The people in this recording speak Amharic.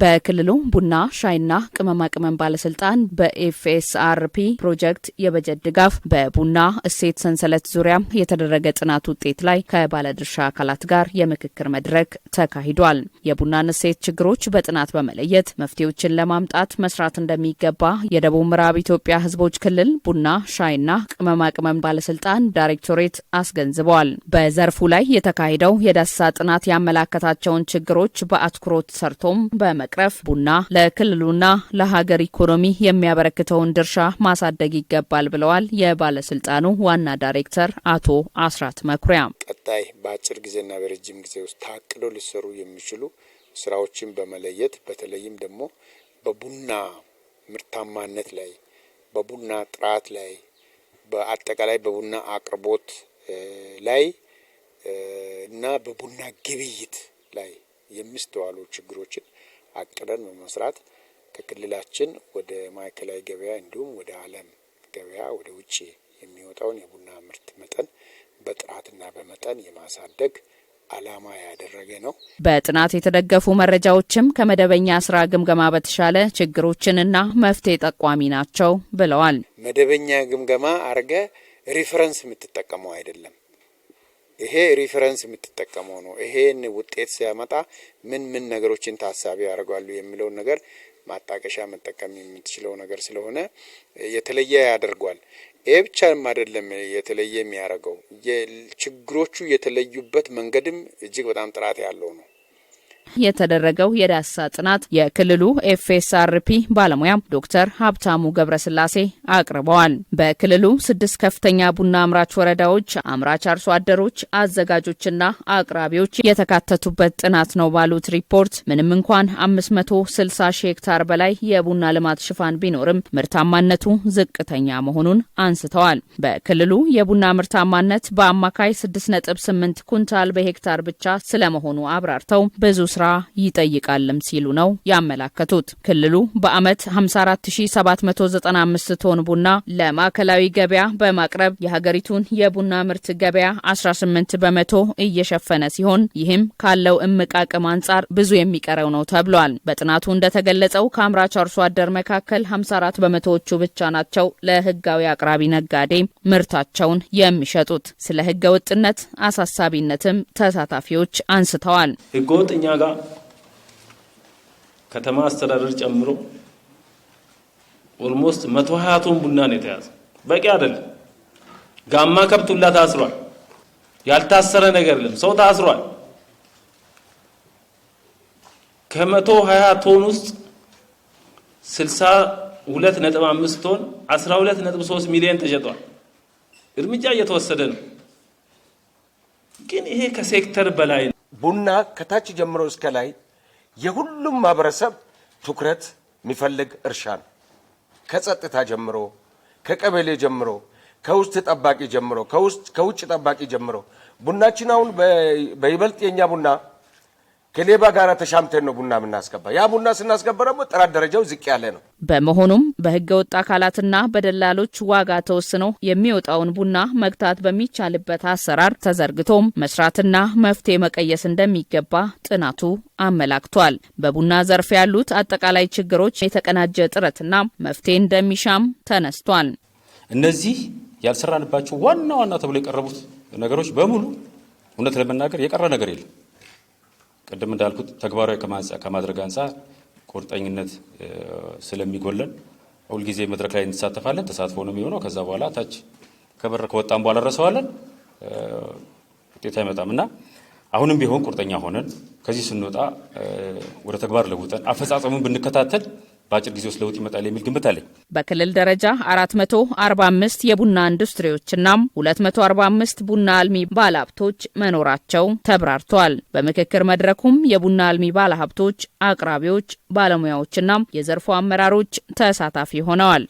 በክልሉ ቡና ሻይና ቅመማ ቅመም ባለስልጣን በኤፍኤስአርፒ ፕሮጀክት የበጀት ድጋፍ በቡና እሴት ሰንሰለት ዙሪያ የተደረገ ጥናት ውጤት ላይ ከባለድርሻ አካላት ጋር የምክክር መድረክ ተካሂዷል። የቡናን እሴት ችግሮች በጥናት በመለየት መፍትሄዎችን ለማምጣት መስራት እንደሚገባ የደቡብ ምዕራብ ኢትዮጵያ ሕዝቦች ክልል ቡና ሻይና ቅመማ ቅመም ባለስልጣን ዳይሬክቶሬት አስገንዝበዋል። በዘርፉ ላይ የተካሄደው የዳሰሳ ጥናት ያመላከታቸውን ችግሮች በአትኩሮት ሰርቶም በ ለመቅረፍ ቡና ለክልሉና ለሀገር ኢኮኖሚ የሚያበረክተውን ድርሻ ማሳደግ ይገባል ብለዋል የባለስልጣኑ ዋና ዳይሬክተር አቶ አስራት መኩሪያ። ቀጣይ በአጭር ጊዜና በረጅም ጊዜ ውስጥ ታቅዶ ሊሰሩ የሚችሉ ስራዎችን በመለየት በተለይም ደግሞ በቡና ምርታማነት ላይ፣ በቡና ጥራት ላይ፣ በአጠቃላይ በቡና አቅርቦት ላይ እና በቡና ግብይት ላይ የሚስተዋሉ ችግሮችን አቅደን በመስራት ከክልላችን ወደ ማዕከላዊ ገበያ እንዲሁም ወደ ዓለም ገበያ ወደ ውጭ የሚወጣውን የቡና ምርት መጠን በጥራትና በመጠን የማሳደግ ዓላማ ያደረገ ነው። በጥናት የተደገፉ መረጃዎችም ከመደበኛ ስራ ግምገማ በተሻለ ችግሮችንና መፍትሄ ጠቋሚ ናቸው ብለዋል። መደበኛ ግምገማ አርገ ሪፈረንስ የምትጠቀመው አይደለም። ይሄ ሪፈረንስ የምትጠቀመው ነው። ይሄን ውጤት ሲያመጣ ምን ምን ነገሮችን ታሳቢ ያደርጋሉ የሚለውን ነገር ማጣቀሻ መጠቀም የምትችለው ነገር ስለሆነ የተለየ ያደርጓል። ይሄ ብቻም አይደለም የተለየ የሚያደርገው ችግሮቹ የተለዩበት መንገድም እጅግ በጣም ጥራት ያለው ነው። የተደረገው የዳሳ ጥናት የክልሉ ኤፍኤስአርፒ ባለሙያ ዶክተር ሀብታሙ ገብረስላሴ አቅርበዋል። በክልሉ ስድስት ከፍተኛ ቡና አምራች ወረዳዎች አምራች አርሶ አደሮች፣ አዘጋጆችና አቅራቢዎች የተካተቱበት ጥናት ነው ባሉት ሪፖርት ምንም እንኳን 560 ሺህ ሄክታር በላይ የቡና ልማት ሽፋን ቢኖርም ምርታማነቱ ዝቅተኛ መሆኑን አንስተዋል። በክልሉ የቡና ምርታማነት በአማካይ 6.8 ኩንታል በሄክታር ብቻ ስለመሆኑ አብራርተው ብዙ ስራ ይጠይቃልም ሲሉ ነው ያመላከቱት። ክልሉ በዓመት 54795 ቶን ቡና ለማዕከላዊ ገበያ በማቅረብ የሀገሪቱን የቡና ምርት ገበያ 18 በመቶ እየሸፈነ ሲሆን ይህም ካለው እምቅ አቅም አንጻር ብዙ የሚቀረው ነው ተብሏል። በጥናቱ እንደተገለጸው ከአምራች አርሶ አደር መካከል 54 በመቶዎቹ ብቻ ናቸው ለህጋዊ አቅራቢ ነጋዴ ምርታቸውን የሚሸጡት። ስለ ህገ ወጥነት አሳሳቢነትም ተሳታፊዎች አንስተዋል። ህገወጥ እኛ ጋር ከተማ አስተዳደር ጨምሮ ኦልሞስት መቶ ቶን ቡና ነው የተያዘ። በቂ አይደለም። ጋማ ከብቱላ ታስሯል። ያልታሰረ ነገር የለም። ሰው ታስሯል። ከመቶ ሀያ ቶን ውስጥ ስልሳ ሁለት ነጥብ አምስት ቶን አስራ ሁለት ነጥብ ሶስት ሚሊዮን ተሸጧል። እርምጃ እየተወሰደ ነው። ግን ይሄ ከሴክተር በላይ ነው። ቡና ከታች ጀምሮ እስከ ላይ የሁሉም ማህበረሰብ ትኩረት የሚፈልግ እርሻ ነው። ከጸጥታ ጀምሮ፣ ከቀበሌ ጀምሮ፣ ከውስጥ ጠባቂ ጀምሮ፣ ከውጭ ጠባቂ ጀምሮ ቡናችን አሁን በይበልጥ የእኛ ቡና ከሌባ ጋር ተሻምተን ነው ቡና የምናስገባ። ያ ቡና ስናስገባ ደግሞ ጥራት ደረጃው ዝቅ ያለ ነው። በመሆኑም በህገ ወጥ አካላትና በደላሎች ዋጋ ተወስኖ የሚወጣውን ቡና መግታት በሚቻልበት አሰራር ተዘርግቶም መስራትና መፍትሄ መቀየስ እንደሚገባ ጥናቱ አመላክቷል። በቡና ዘርፍ ያሉት አጠቃላይ ችግሮች የተቀናጀ ጥረትና መፍትሄ እንደሚሻም ተነስቷል። እነዚህ ያልሰራንባቸው ዋና ዋና ተብሎ የቀረቡት ነገሮች በሙሉ እውነት ለመናገር የቀረ ነገር የለም። ቅድም እንዳልኩት ተግባራዊ ከማድረግ አንጻር ቁርጠኝነት ስለሚጎለን ሁልጊዜ መድረክ ላይ እንሳተፋለን። ተሳትፎ ነው የሚሆነው። ከዛ በኋላ ታች ከበር ከወጣን በኋላ ረሰዋለን፣ ውጤት አይመጣም እና አሁንም ቢሆን ቁርጠኛ ሆነን ከዚህ ስንወጣ ወደ ተግባር ለውጠን አፈጻጸሙን ብንከታተል በአጭር ጊዜ ውስጥ ለውጥ ይመጣል የሚል ግምት አለኝ። በክልል ደረጃ 445 የቡና ኢንዱስትሪዎችና 245 ቡና አልሚ ባለሀብቶች መኖራቸው ተብራርቷል። በምክክር መድረኩም የቡና አልሚ ባለሀብቶች፣ አቅራቢዎች፣ ባለሙያዎችና የዘርፉ አመራሮች ተሳታፊ ሆነዋል።